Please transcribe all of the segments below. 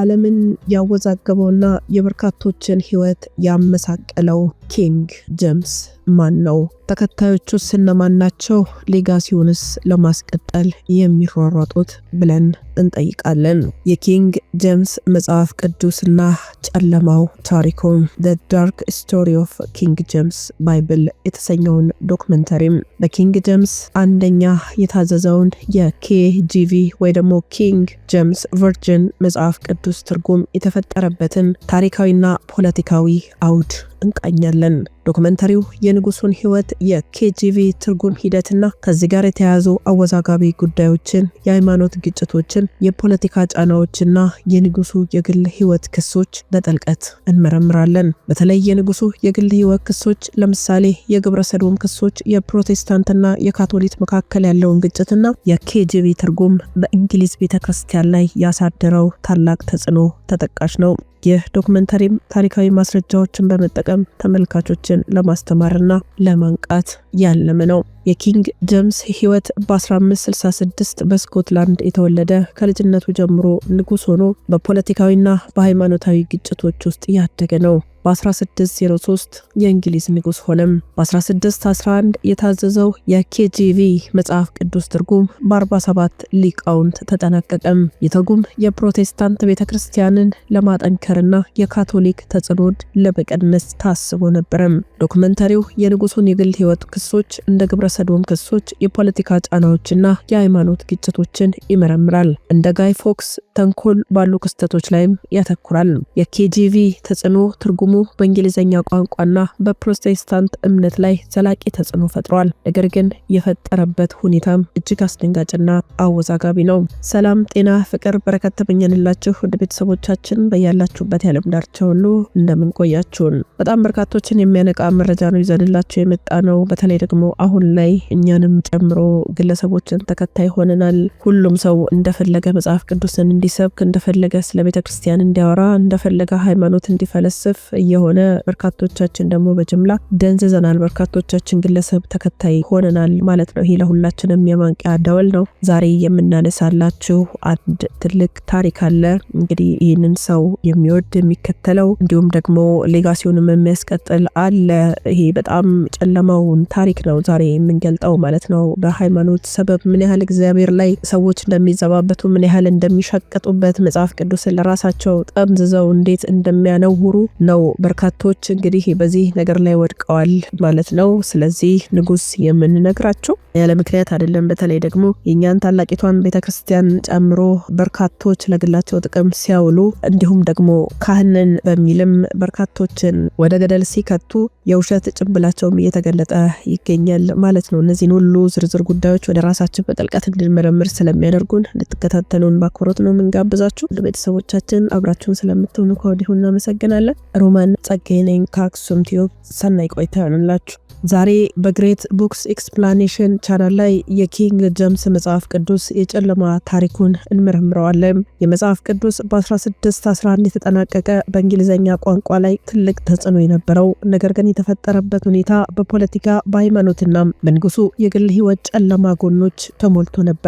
ዓለምን ያወዛገበውና የበርካቶችን ሕይወት ያመሳቀለው ኪንግ ጀምስ ማን ነው? ተከታዮቹ እነማን ናቸው? ሌጋሲውንስ ለማስቀጠል የሚሯሯጡት ብለን እንጠይቃለን። የኪንግ ጄምስ መጽሐፍ ቅዱስና ጨለማው ታሪኩም ዘ ዳርክ ስቶሪ ኦፍ ኪንግ ጄምስ ባይብል የተሰኘውን ዶክመንተሪም በኪንግ ጄምስ አንደኛ የታዘዘውን የኬጂቪ ወይ ደግሞ ኪንግ ጄምስ ቨርጅን መጽሐፍ ቅዱስ ትርጉም የተፈጠረበትን ታሪካዊና ፖለቲካዊ አውድ እንቃኛለን። ዶክመንተሪው የንጉሱን ህይወት፣ የኬጂቪ ትርጉም ሂደትና ከዚህ ጋር የተያያዙ አወዛጋቢ ጉዳዮችን፣ የሃይማኖት ግጭቶችን፣ የፖለቲካ ጫናዎችና የንጉሱ የግል ህይወት ክሶች በጥልቀት እንመረምራለን። በተለይ የንጉሱ የግል ህይወት ክሶች ለምሳሌ የግብረ ሰዶም ክሶች፣ የፕሮቴስታንትና የካቶሊክ መካከል ያለውን ግጭትና የኬጂቪ ትርጉም በእንግሊዝ ቤተ ክርስቲያን ላይ ያሳደረው ታላቅ ተጽዕኖ ተጠቃሽ ነው። ይህ ዶክመንተሪም ታሪካዊ ማስረጃዎችን በመጠቀም ተመልካቾችን ለማስተማርና ለማንቃት ያለመ ነው። የኪንግ ጀምስ ህይወት በ1566 በስኮትላንድ የተወለደ ከልጅነቱ ጀምሮ ንጉስ ሆኖ በፖለቲካዊና በሃይማኖታዊ ግጭቶች ውስጥ ያደገ ነው። በ1603 የእንግሊዝ ንጉስ ሆነም። በ1611 የታዘዘው የኬጂቪ መጽሐፍ ቅዱስ ትርጉም በ47 ሊቃውንት ተጠናቀቀም። የትርጉም የፕሮቴስታንት ቤተ ክርስቲያንን ለማጠንከርና የካቶሊክ ተጽዕኖን ለመቀነስ ታስቦ ነበረም። ዶክመንተሪው የንጉሱን የግል ሕይወት ክሶች፣ እንደ ግብረ ሰዶም ክሶች፣ የፖለቲካ ጫናዎችና የሃይማኖት ግጭቶችን ይመረምራል። እንደ ጋይ ፎክስ ተንኮል ባሉ ክስተቶች ላይም ያተኩራል። የኬጂቪ ተጽዕኖ ትርጉም መቃወሙ በእንግሊዝኛ ቋንቋና በፕሮቴስታንት እምነት ላይ ዘላቂ ተጽዕኖ ፈጥሯል። ነገር ግን የፈጠረበት ሁኔታም እጅግ አስደንጋጭና አወዛጋቢ ነው። ሰላም፣ ጤና፣ ፍቅር፣ በረከት ተመኘንላችሁ ወደ ቤተሰቦቻችን በያላችሁበት ያለም ዳርቻ ሁሉ እንደምን ቆያችሁን። በጣም በርካቶችን የሚያነቃ መረጃ ነው ይዘንላችሁ የመጣ ነው። በተለይ ደግሞ አሁን ላይ እኛንም ጨምሮ ግለሰቦችን ተከታይ ሆነናል። ሁሉም ሰው እንደፈለገ መጽሐፍ ቅዱስን እንዲሰብክ እንደፈለገ ስለ ቤተክርስቲያን እንዲያወራ እንደፈለገ ሃይማኖት እንዲፈለስፍ እየሆነ በርካቶቻችን ደግሞ በጅምላ ደንዝዘናል። በርካቶቻችን ግለሰብ ተከታይ ሆነናል ማለት ነው። ይሄ ለሁላችንም የማንቂያ ደወል ነው። ዛሬ የምናነሳላችሁ አንድ ትልቅ ታሪክ አለ። እንግዲህ ይህንን ሰው የሚወድ የሚከተለው፣ እንዲሁም ደግሞ ሌጋሲውንም የሚያስቀጥል አለ። ይሄ በጣም ጨለማውን ታሪክ ነው ዛሬ የምንገልጠው ማለት ነው። በሃይማኖት ሰበብ ምን ያህል እግዚአብሔር ላይ ሰዎች እንደሚዘባበቱ ምን ያህል እንደሚሸቀጡበት መጽሐፍ ቅዱስን ለራሳቸው ጠምዝዘው እንዴት እንደሚያነውሩ ነው በርካቶች እንግዲህ በዚህ ነገር ላይ ወድቀዋል ማለት ነው። ስለዚህ ንጉስ የምንነግራቸው ያለ ምክንያት አይደለም። በተለይ ደግሞ የእኛን ታላቂቷን ቤተክርስቲያን ጨምሮ በርካቶች ለግላቸው ጥቅም ሲያውሉ እንዲሁም ደግሞ ካህንን በሚልም በርካቶችን ወደ ገደል ሲከቱ የውሸት ጭንብላቸውም እየተገለጠ ይገኛል ማለት ነው። እነዚህን ሁሉ ዝርዝር ጉዳዮች ወደ ራሳችን በጥልቀት እንድንመረምር ስለሚያደርጉን እንድትከታተሉን በአክብሮት ነው የምንጋብዛችሁ። ቤተሰቦቻችን አብራችሁን ስለምትሆኑ ከወዲሁ እናመሰግናለን። ሮማ ማን ጸጋዬ ነኝ ከአክሱም ቲዩብ። ሰናይ ቆይታ ይሆንላችሁ። ዛሬ በግሬት ቡክስ ኤክስፕላኔሽን ቻናል ላይ የኪንግ ጀምስ መጽሐፍ ቅዱስ የጨለማ ታሪኩን እንመረምረዋለን። የመጽሐፍ ቅዱስ በ1611 የተጠናቀቀ በእንግሊዝኛ ቋንቋ ላይ ትልቅ ተጽዕኖ የነበረው ነገር ግን የተፈጠረበት ሁኔታ በፖለቲካ በሃይማኖትና በንጉሱ የግል ህይወት ጨለማ ጎኖች ተሞልቶ ነበረ።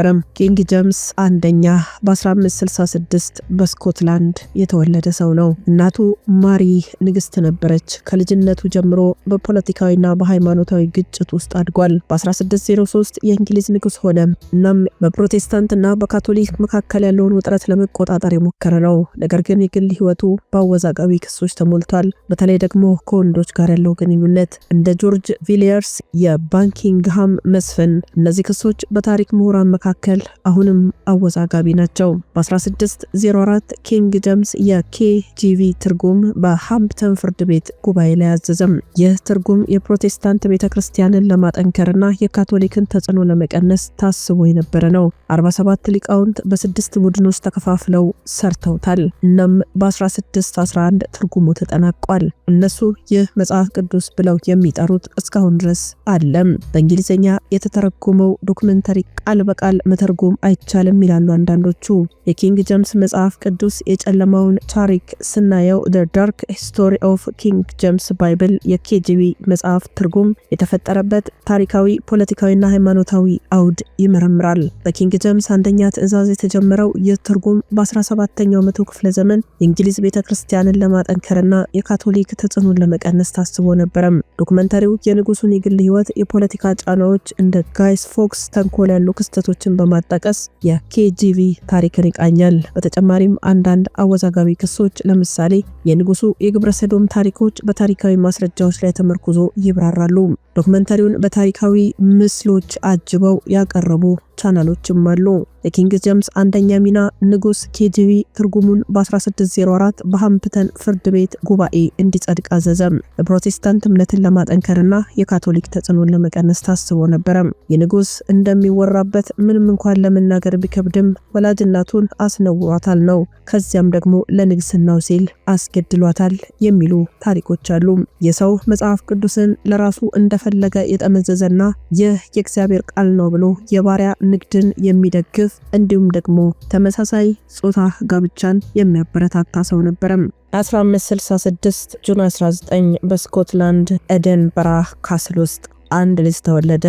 ኪንግ ጀምስ አንደኛ በ1566 በስኮትላንድ የተወለደ ሰው ነው። እናቱ ማሪ ንግስት ነበረች። ከልጅነቱ ጀምሮ በፖለቲካዊና በሃይማኖት ሃይማኖታዊ ግጭት ውስጥ አድጓል። በ1603 የእንግሊዝ ንጉሥ ሆነ። እናም በፕሮቴስታንትና በካቶሊክ መካከል ያለውን ውጥረት ለመቆጣጠር የሞከረ ነው። ነገር ግን የግል ህይወቱ በአወዛጋቢ ክሶች ተሞልቷል። በተለይ ደግሞ ከወንዶች ጋር ያለው ግንኙነት እንደ ጆርጅ ቪሊየርስ የባንኪንግሃም መስፍን። እነዚህ ክሶች በታሪክ ምሁራን መካከል አሁንም አወዛጋቢ ናቸው። በ1604 ኪንግ ጀምስ የኬጂቪ ትርጉም በሃምፕተን ፍርድ ቤት ጉባኤ ላይ አዘዘም። ይህ ትርጉም የፕሮቴስታንት ፕሮቴስታንት ቤተ ክርስቲያንን ለማጠንከርና የካቶሊክን ተጽዕኖ ለመቀነስ ታስቦ የነበረ ነው። 47 ሊቃውንት በስድስት ቡድኖች ተከፋፍለው ሰርተውታል። እናም በ1611 ትርጉሙ ተጠናቋል። እነሱ ይህ መጽሐፍ ቅዱስ ብለው የሚጠሩት እስካሁን ድረስ አለም። በእንግሊዝኛ የተተረጎመው ዶክመንተሪ ቃል በቃል መተርጎም አይቻልም ይላሉ አንዳንዶቹ። የኪንግ ጀምስ መጽሐፍ ቅዱስ የጨለማውን ታሪክ ስናየው ደ ዳርክ ስቶሪ ኦፍ ኪንግ ጀምስ ባይብል የኬጂቢ መጽሐፍ ትርጉም እንዲሁም የተፈጠረበት ታሪካዊ ፖለቲካዊና ሃይማኖታዊ አውድ ይመረምራል። በኪንግ ጀምስ አንደኛ ትእዛዝ የተጀመረው ይህ ትርጉም በ17ኛው መቶ ክፍለ ዘመን የእንግሊዝ ቤተ ክርስቲያንን ለማጠንከርና የካቶሊክ ተጽዕኖን ለመቀነስ ታስቦ ነበረም። ዶክመንታሪው የንጉሱን የግል ህይወት፣ የፖለቲካ ጫናዎች፣ እንደ ጋይስ ፎክስ ተንኮል ያሉ ክስተቶችን በማጣቀስ የኬጂቪ ታሪክን ይቃኛል። በተጨማሪም አንዳንድ አወዛጋቢ ክሶች ለምሳሌ የንጉሱ የግብረ ሰዶም ታሪኮች በታሪካዊ ማስረጃዎች ላይ ተመርኩዞ ይብራራሉ። ሁሉም ዶክመንተሪውን በታሪካዊ ምስሎች አጅበው ያቀረቡ ቻናሎችም አሉ። የኪንግ ጀምስ አንደኛ ሚና ንጉስ ኬጂቪ ትርጉሙን በ1604 በሃምፕተን ፍርድ ቤት ጉባኤ እንዲጸድቅ አዘዘም። የፕሮቴስታንት እምነትን ለማጠንከርና የካቶሊክ ተጽዕኖን ለመቀነስ ታስቦ ነበረም። የንጉስ እንደሚወራበት ምንም እንኳን ለመናገር ቢከብድም ወላጅናቱን አስነውሯታል ነው። ከዚያም ደግሞ ለንግስናው ሲል አስገድሏታል የሚሉ ታሪኮች አሉ። የሰው መጽሐፍ ቅዱስን ለራሱ እንደ እንደፈለገ የጠመዘዘና ይህ የእግዚአብሔር ቃል ነው ብሎ የባሪያ ንግድን የሚደግፍ እንዲሁም ደግሞ ተመሳሳይ ጾታ ጋብቻን የሚያበረታታ ሰው ነበረም። 1566 ጁን 19 በስኮትላንድ ኤደንበራ ካስል ውስጥ አንድ ልጅ ተወለደ።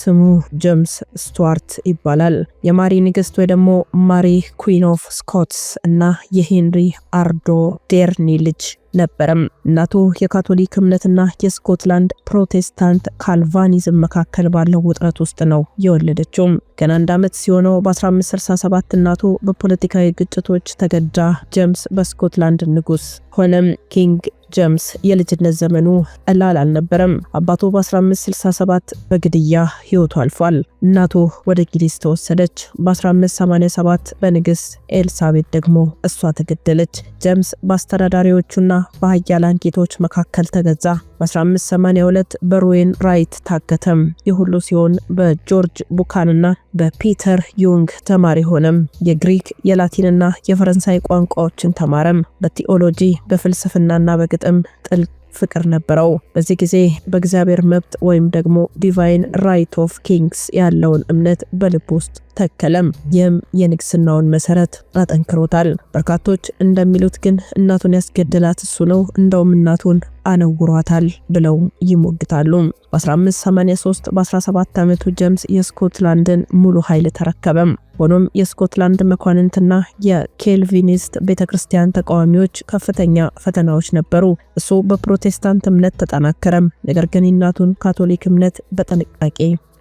ስሙ ጄምስ ስቱዋርት ይባላል። የማሪ ንግስት ወይ ደግሞ ማሪ ኩዊን ኦፍ ስኮትስ እና የሄንሪ አርዶ ዴርኒ ልጅ ነበረም። እናቱ የካቶሊክ እምነትና የስኮትላንድ ፕሮቴስታንት ካልቫኒዝም መካከል ባለው ውጥረት ውስጥ ነው የወለደችው። ገና አንድ ዓመት ሲሆነው በ1567 እናቱ በፖለቲካዊ ግጭቶች ተገዳ ጄምስ በስኮትላንድ ንጉስ ሆነም። ኪንግ ጀምስ የልጅነት ዘመኑ ቀላል አልነበረም። አባቱ በ1567 በግድያ ህይወቱ አልፏል። እናቱ ወደ እንግሊዝ ተወሰደች። በ1587 በንግሥት ኤልሳቤት ደግሞ እሷ ተገደለች። ጀምስ በአስተዳዳሪዎቹና በሀያላን ጌቶች መካከል ተገዛ። በ1582 በሩዌን ራይት ታከተም። የሁሉ ሁሉ ሲሆን በጆርጅ ቡካንና በፒተር ዩንግ ተማሪ ሆነም። የግሪክ የላቲንና የፈረንሳይ ቋንቋዎችን ተማረም። በቲኦሎጂ በፍልስፍናና በግጥም ጥልቅ ፍቅር ነበረው። በዚህ ጊዜ በእግዚአብሔር መብት ወይም ደግሞ ዲቫይን ራይት ኦፍ ኪንግስ ያለውን እምነት በልብ ውስጥ ተከለም። ይህም የንግስናውን መሰረት አጠንክሮታል። በርካቶች እንደሚሉት ግን እናቱን ያስገደላት እሱ ነው። እንደውም እናቱን አነውሯታል ብለው ይሞግታሉ። በ1583 በ17 ዓመቱ ጀምስ የስኮትላንድን ሙሉ ኃይል ተረከበም። ሆኖም የስኮትላንድ መኳንንትና የኬልቪኒስት ቤተ ክርስቲያን ተቃዋሚዎች ከፍተኛ ፈተናዎች ነበሩ። እሱ በፕሮቴስታንት እምነት ተጠናከረም፣ ነገር ግን የእናቱን ካቶሊክ እምነት በጥንቃቄ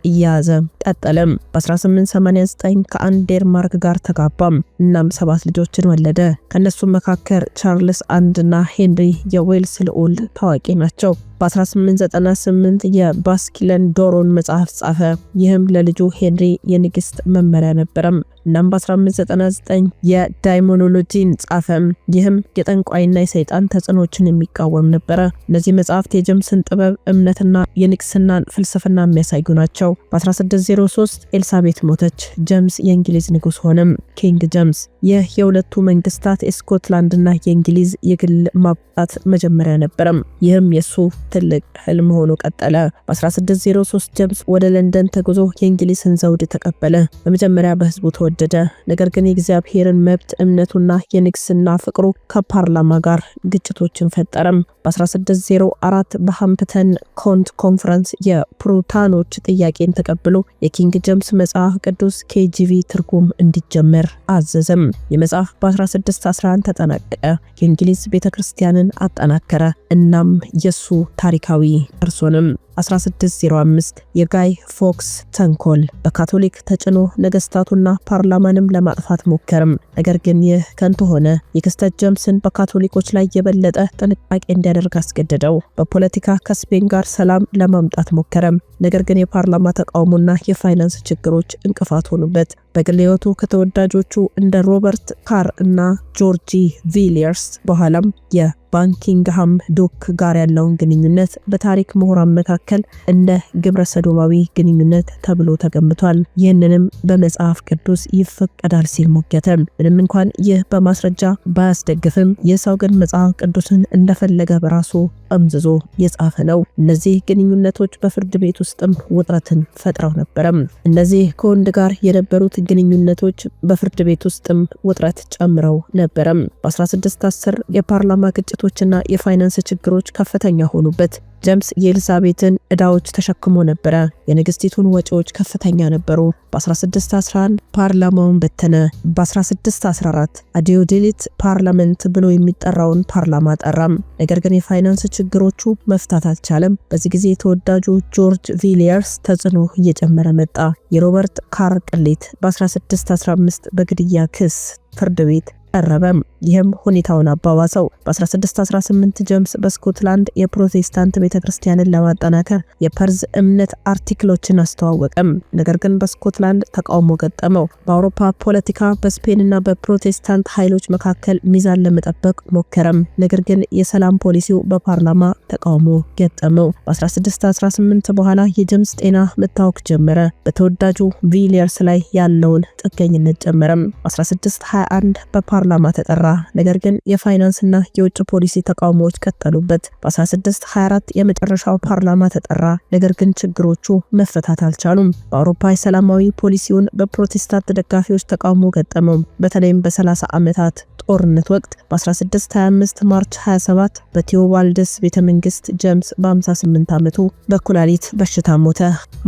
እያያዘ ቀጠለም። በ1889 ከአንድ ዴንማርክ ጋር ተጋባም፣ እናም ሰባት ልጆችን ወለደ። ከእነሱም መካከል ቻርልስ አንድ እና ሄንሪ የዌልስ ልዑል ታዋቂ ናቸው። በ1898 የባስኪለን ዶሮን መጽሐፍ ጻፈ። ይህም ለልጁ ሄንሪ የንግሥት መመሪያ ነበረም። እናም በ1899 የዳይሞኖሎጂን ጻፈም። ይህም የጠንቋይና የሰይጣን ተጽዕኖችን የሚቃወም ነበረ። እነዚህ መጽሐፍት የጀምስን ጥበብ እምነትና የንግስናን ፍልስፍና የሚያሳዩ ናቸው። በ1603 ኤልሳቤት ሞተች። ጀምስ የእንግሊዝ ንጉሥ ሆነም። ኪንግ ጀምስ ይህ የሁለቱ መንግስታት የስኮትላንድና የእንግሊዝ የግል ማብጣት መጀመሪያ ነበረም። ይህም የሱ ትልቅ ህልም ሆኖ ቀጠለ። በ1603 ጀምስ ወደ ለንደን ተጉዞ የእንግሊዝን ዘውድ ተቀበለ። በመጀመሪያ በህዝቡ ተወደደ። ነገር ግን የእግዚአብሔርን መብት እምነቱና የንግስና ፍቅሩ ከፓርላማ ጋር ግጭቶችን ፈጠረም። በ1604 በሃምፕተን ኮንት ኮንፈረንስ የፕሩታኖች ጥያቄን ተቀብሎ የኪንግ ጀምስ መጽሐፍ ቅዱስ ኬጂቪ ትርጉም እንዲጀመር አዘዘም። የመጽሐፍ በ1611 ተጠናቀቀ። የእንግሊዝ ቤተ ክርስቲያንን አጠናከረ። እናም የሱ ታሪካዊ እርሶንም 1605 የጋይ ፎክስ ተንኮል በካቶሊክ ተጭኖ ነገስታቱና ፓርላማንም ለማጥፋት ሞከርም። ነገር ግን ይህ ከንቱ ሆነ። የክስተት ጀምስን በካቶሊኮች ላይ የበለጠ ጥንቃቄ እንዲያደርግ አስገደደው። በፖለቲካ ከስፔን ጋር ሰላም ለማምጣት ሞከረም። ነገር ግን የፓርላማ ተቃውሞና የፋይናንስ ችግሮች እንቅፋት ሆኑበት። በግል ህይወቱ ከተወዳጆቹ እንደ ሮበርት ካር እና ጆርጂ ቪሊየርስ በኋላም የባንኪንግሃም ዱክ ጋር ያለውን ግንኙነት በታሪክ ምሁራን መካከል እንደ ግብረ ሰዶማዊ ግንኙነት ተብሎ ተገምቷል። ይህንንም በመጽሐፍ ቅዱስ ይፈቀዳል ሲል ሞገተ። ምንም እንኳን ይህ በማስረጃ ባያስደግፍም፣ የሰው ግን መጽሐፍ ቅዱስን እንደፈለገ በራሱ ጠምዝዞ የጻፈ ነው። እነዚህ ግንኙነቶች በፍርድ ቤቱ ውስጥም ውጥረትን ፈጥረው ነበረም። እነዚህ ከወንድ ጋር የነበሩት ግንኙነቶች በፍርድ ቤት ውስጥም ውጥረት ጨምረው ነበረም። በ1610 የፓርላማ ግጭቶችና የፋይናንስ ችግሮች ከፍተኛ ሆኑበት። ጀምስ የኤልዛቤትን ዕዳዎች ተሸክሞ ነበረ። የንግሥቲቱን ወጪዎች ከፍተኛ ነበሩ። በ1611 ፓርላማውን በተነ። በ1614 አዲዮዴሊት ፓርላመንት ብሎ የሚጠራውን ፓርላማ ጠራም። ነገር ግን የፋይናንስ ችግሮቹ መፍታት አልቻለም። በዚህ ጊዜ የተወዳጁ ጆርጅ ቪሊየርስ ተጽዕኖ እየጨመረ መጣ። የሮበርት ካር ቅሌት በ1615 በግድያ ክስ ፍርድ ቤት ቀረበም። ይህም ሁኔታውን አባባሰው። በ1618 ጀምስ በስኮትላንድ የፕሮቴስታንት ቤተ ክርስቲያንን ለማጠናከር የፐርዝ እምነት አርቲክሎችን አስተዋወቀም። ነገር ግን በስኮትላንድ ተቃውሞ ገጠመው። በአውሮፓ ፖለቲካ በስፔንና በፕሮቴስታንት ኃይሎች መካከል ሚዛን ለመጠበቅ ሞከረም። ነገር ግን የሰላም ፖሊሲው በፓርላማ ተቃውሞ ገጠመው። በ1618 በኋላ የጀምስ ጤና መታወክ ጀመረ። በተወዳጁ ቪሊየርስ ላይ ያለውን ጥገኝነት ጀመረም። 1621 በፓርላ ፓርላማ ተጠራ። ነገር ግን የፋይናንስና የውጭ ፖሊሲ ተቃውሞዎች ቀጠሉበት። በ1624 የመጨረሻው ፓርላማ ተጠራ። ነገር ግን ችግሮቹ መፈታት አልቻሉም። በአውሮፓ የሰላማዊ ፖሊሲውን በፕሮቴስታንት ደጋፊዎች ተቃውሞ ገጠመው። በተለይም በ30 ዓመታት ጦርነት ወቅት በ1625 ማርች 27 በቴዎዋልደስ ቤተ መንግስት ጀምስ በ58 ዓመቱ በኩላሊት በሽታ ሞተ።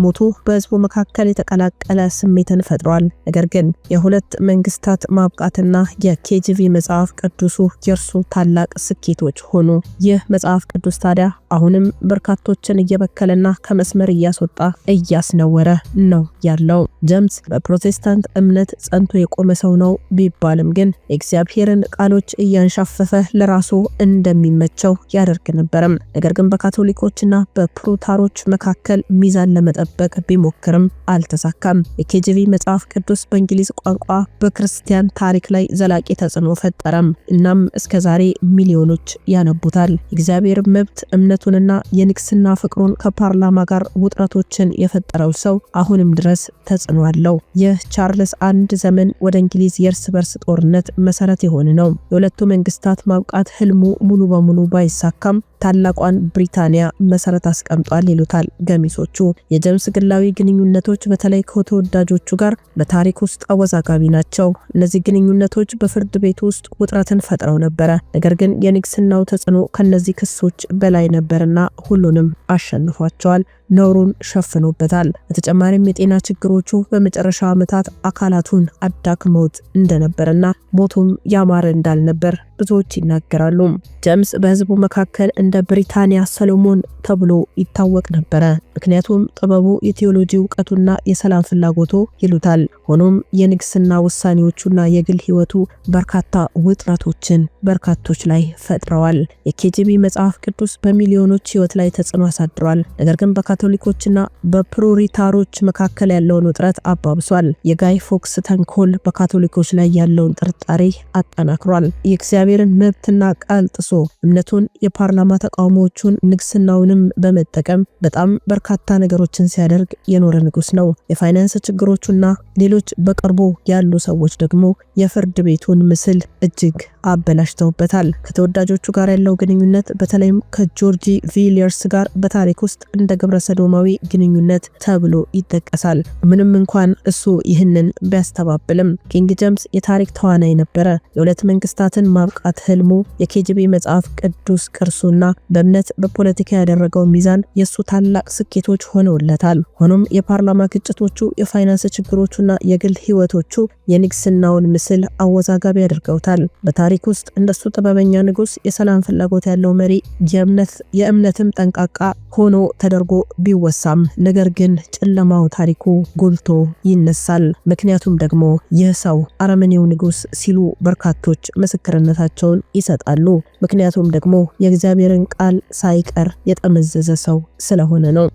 ሞቱ በህዝቡ መካከል የተቀላቀለ ስሜትን ፈጥሯል። ነገር ግን የሁለት መንግስታት ማብቃትና የ የኬጂቪ መጽሐፍ ቅዱሱ የእርሱ ታላቅ ስኬቶች ሆኑ። ይህ መጽሐፍ ቅዱስ ታዲያ አሁንም በርካቶችን እየበከለና ከመስመር እያስወጣ እያስነወረ ነው ያለው። ጀምስ በፕሮቴስታንት እምነት ጸንቶ የቆመ ሰው ነው ቢባልም ግን የእግዚአብሔርን ቃሎች እያንሻፈፈ ለራሱ እንደሚመቸው ያደርግ ነበርም። ነገር ግን በካቶሊኮችና በፕሩታሮች መካከል ሚዛን ለመጠበቅ ቢሞክርም አልተሳካም። የኬጂቪ መጽሐፍ ቅዱስ በእንግሊዝ ቋንቋ በክርስቲያን ታሪክ ላይ ዘላቂ ተጽዕኖ ፈጠረም። እናም እስከ ዛሬ ሚሊዮኖች ያነቡታል። የእግዚአብሔር መብት እምነቱንና የንግስና ፍቅሩን ከፓርላማ ጋር ውጥረቶችን የፈጠረው ሰው አሁንም ድረስ ተጽዕኖ አለው። ይህ ቻርልስ አንድ ዘመን ወደ እንግሊዝ የእርስ በርስ ጦርነት መሰረት የሆነ ነው። የሁለቱ መንግስታት ማብቃት ህልሙ ሙሉ በሙሉ ባይሳካም ታላቋን ብሪታንያ መሰረት አስቀምጧል ይሉታል ገሚሶቹ። የጀምስ ግላዊ ግንኙነቶች በተለይ ከተወዳጆቹ ጋር በታሪክ ውስጥ አወዛጋቢ ናቸው። እነዚህ ግንኙነቶች በፍርድ ቤት ውስጥ ውጥረትን ፈጥረው ነበረ። ነገር ግን የንግስናው ተጽዕኖ ከነዚህ ክሶች በላይ ነበርና ሁሉንም አሸንፏቸዋል። ነውሩን ሸፍኖበታል። በተጨማሪም የጤና ችግሮቹ በመጨረሻ ዓመታት አካላቱን አዳክመውት እንደነበረና ሞቱም ያማረ እንዳልነበር ብዙዎች ይናገራሉ። ጀምስ በህዝቡ መካከል እንደ ብሪታንያ ሰሎሞን ተብሎ ይታወቅ ነበረ። ምክንያቱም ጥበቡ የቴዎሎጂ እውቀቱና የሰላም ፍላጎቱ ይሉታል። ሆኖም የንግስና ውሳኔዎቹና የግል ህይወቱ በርካታ ውጥረቶችን በርካቶች ላይ ፈጥረዋል። የኬጂቢ መጽሐፍ ቅዱስ በሚሊዮኖች ህይወት ላይ ተጽዕኖ አሳድሯል። ነገር ግን በካቶሊኮችና በፕሮሪታሮች መካከል ያለውን ውጥረት አባብሷል። የጋይ ፎክስ ተንኮል በካቶሊኮች ላይ ያለውን ጥርጣሬ አጠናክሯል። የእግዚአብሔርን መብትና ቃል ጥሶ እምነቱን፣ የፓርላማ ተቃውሞዎቹን፣ ንግስናውንም በመጠቀም በጣም በርካ በርካታ ነገሮችን ሲያደርግ የኖረ ንጉስ ነው። የፋይናንስ ችግሮቹና ሌሎች በቅርቡ ያሉ ሰዎች ደግሞ የፍርድ ቤቱን ምስል እጅግ አበላሽተውበታል። ከተወዳጆቹ ጋር ያለው ግንኙነት በተለይም ከጆርጂ ቪሊየርስ ጋር በታሪክ ውስጥ እንደ ግብረ ሰዶማዊ ግንኙነት ተብሎ ይጠቀሳል። ምንም እንኳን እሱ ይህንን ቢያስተባብልም ኪንግ ጀምስ የታሪክ ተዋናይ ነበረ። የሁለት መንግስታትን ማብቃት ህልሙ፣ የኬጂቢ መጽሐፍ ቅዱስ ቅርሱና በእምነት በፖለቲካ ያደረገው ሚዛን የእሱ ታላቅ ስኬቶች ሆነውለታል። ሆኖም የፓርላማ ግጭቶቹ፣ የፋይናንስ ችግሮቹና የግል ህይወቶቹ የንግስናውን ምስል አወዛጋቢ ያደርገውታል። ታሪክ ውስጥ እንደሱ ጥበበኛ ንጉስ፣ የሰላም ፍላጎት ያለው መሪ፣ የእምነት የእምነትም ጠንቃቃ ሆኖ ተደርጎ ቢወሳም ነገር ግን ጨለማው ታሪኩ ጎልቶ ይነሳል። ምክንያቱም ደግሞ ይህ ሰው አረመኔው ንጉስ ሲሉ በርካቶች ምስክርነታቸውን ይሰጣሉ። ምክንያቱም ደግሞ የእግዚአብሔርን ቃል ሳይቀር የጠመዘዘ ሰው ስለሆነ ነው።